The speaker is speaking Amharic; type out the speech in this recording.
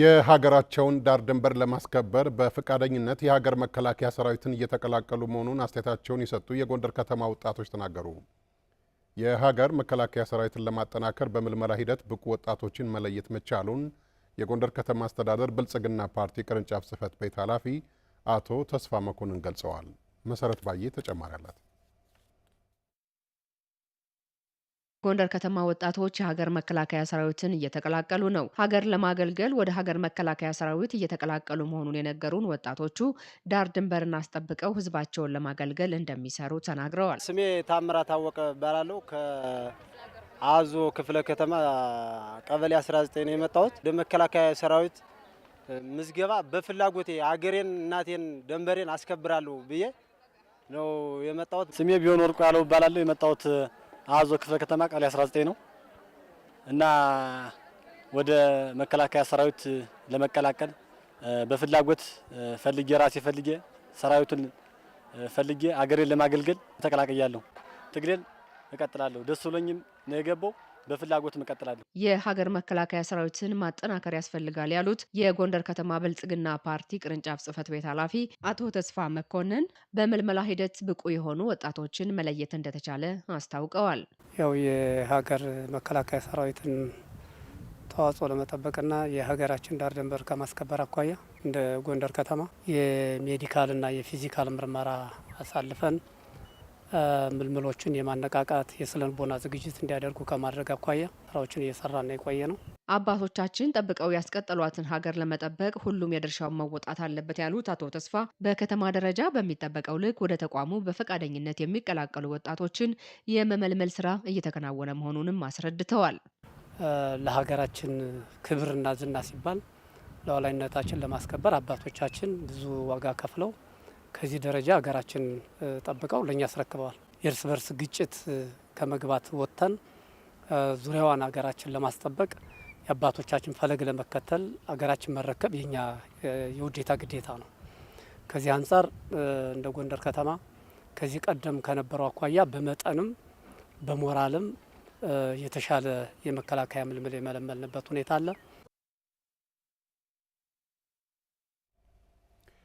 የሀገራቸውን ዳር ድንበር ለማስከበር በፈቃደኝነት የሀገር መከላከያ ሰራዊትን እየተቀላቀሉ መሆኑን አስተያየታቸውን የሰጡ የጎንደር ከተማ ወጣቶች ተናገሩ። የሀገር መከላከያ ሰራዊትን ለማጠናከር በምልመላ ሂደት ብቁ ወጣቶችን መለየት መቻሉን የጎንደር ከተማ አስተዳደር ብልጽግና ፓርቲ ቅርንጫፍ ጽህፈት ቤት ኃላፊ አቶ ተስፋ መኮንን ገልጸዋል። መሰረት ባዬ ተጨማሪ አላት። ጎንደር ከተማ ወጣቶች የሀገር መከላከያ ሰራዊትን እየተቀላቀሉ ነው። ሀገር ለማገልገል ወደ ሀገር መከላከያ ሰራዊት እየተቀላቀሉ መሆኑን የነገሩን ወጣቶቹ ዳር ድንበርን አስጠብቀው ህዝባቸውን ለማገልገል እንደሚሰሩ ተናግረዋል። ስሜ ታምራ ታወቀ እባላለሁ። ከአዞ ክፍለ ከተማ ቀበሌ 19 ነው የመጣሁት። ለመከላከያ ሰራዊት ምዝገባ በፍላጎቴ አገሬን፣ እናቴን፣ ደንበሬን አስከብራለሁ ብዬ ነው የመጣሁት። ስሜ ቢሆን ወርቁ ያለው እባላለሁ የመጣሁት አዞ ክፍለ ከተማ ቀበሌ 19 ነው እና ወደ መከላከያ ሰራዊት ለመቀላቀል በፍላጎት ፈልጌ ራሴ ፈልጌ ሰራዊቱን ፈልጌ አገሬን ለማገልገል ተቀላቅያለሁ። ትግሬን እቀጥላለሁ። ደስ ብሎኝም ነው የገባው። በፍላጎት እንቀጥላለን። የሀገር መከላከያ ሰራዊትን ማጠናከር ያስፈልጋል ያሉት የጎንደር ከተማ ብልጽግና ፓርቲ ቅርንጫፍ ጽህፈት ቤት ኃላፊ አቶ ተስፋ መኮንን በመልመላ ሂደት ብቁ የሆኑ ወጣቶችን መለየት እንደተቻለ አስታውቀዋል። ያው የሀገር መከላከያ ሰራዊትን ተዋጽኦ ለመጠበቅና የሀገራችን ዳር ድንበር ከማስከበር አኳያ እንደ ጎንደር ከተማ የሜዲካልና የፊዚካል ምርመራ አሳልፈን ምልምሎችን የማነቃቃት የስለንቦና ዝግጅት እንዲያደርጉ ከማድረግ አኳያ ስራዎችን እየሰራና የቆየ ነው። አባቶቻችን ጠብቀው ያስቀጠሏትን ሀገር ለመጠበቅ ሁሉም የድርሻውን መወጣት አለበት ያሉት አቶ ተስፋ በከተማ ደረጃ በሚጠበቀው ልክ ወደ ተቋሙ በፈቃደኝነት የሚቀላቀሉ ወጣቶችን የመመልመል ስራ እየተከናወነ መሆኑንም አስረድተዋል። ለሀገራችን ክብርና ዝና ሲባል ለዋላይነታችን ለማስከበር አባቶቻችን ብዙ ዋጋ ከፍለው ከዚህ ደረጃ ሀገራችን ጠብቀው ለእኛ አስረክበዋል። የእርስ በርስ ግጭት ከመግባት ወጥተን ዙሪያዋን ሀገራችን ለማስጠበቅ የአባቶቻችን ፈለግ ለመከተል ሀገራችን መረከብ የኛ የውዴታ ግዴታ ነው። ከዚህ አንጻር እንደ ጎንደር ከተማ ከዚህ ቀደም ከነበረው አኳያ በመጠንም በሞራልም የተሻለ የመከላከያ ምልምል የመለመልንበት ሁኔታ አለ።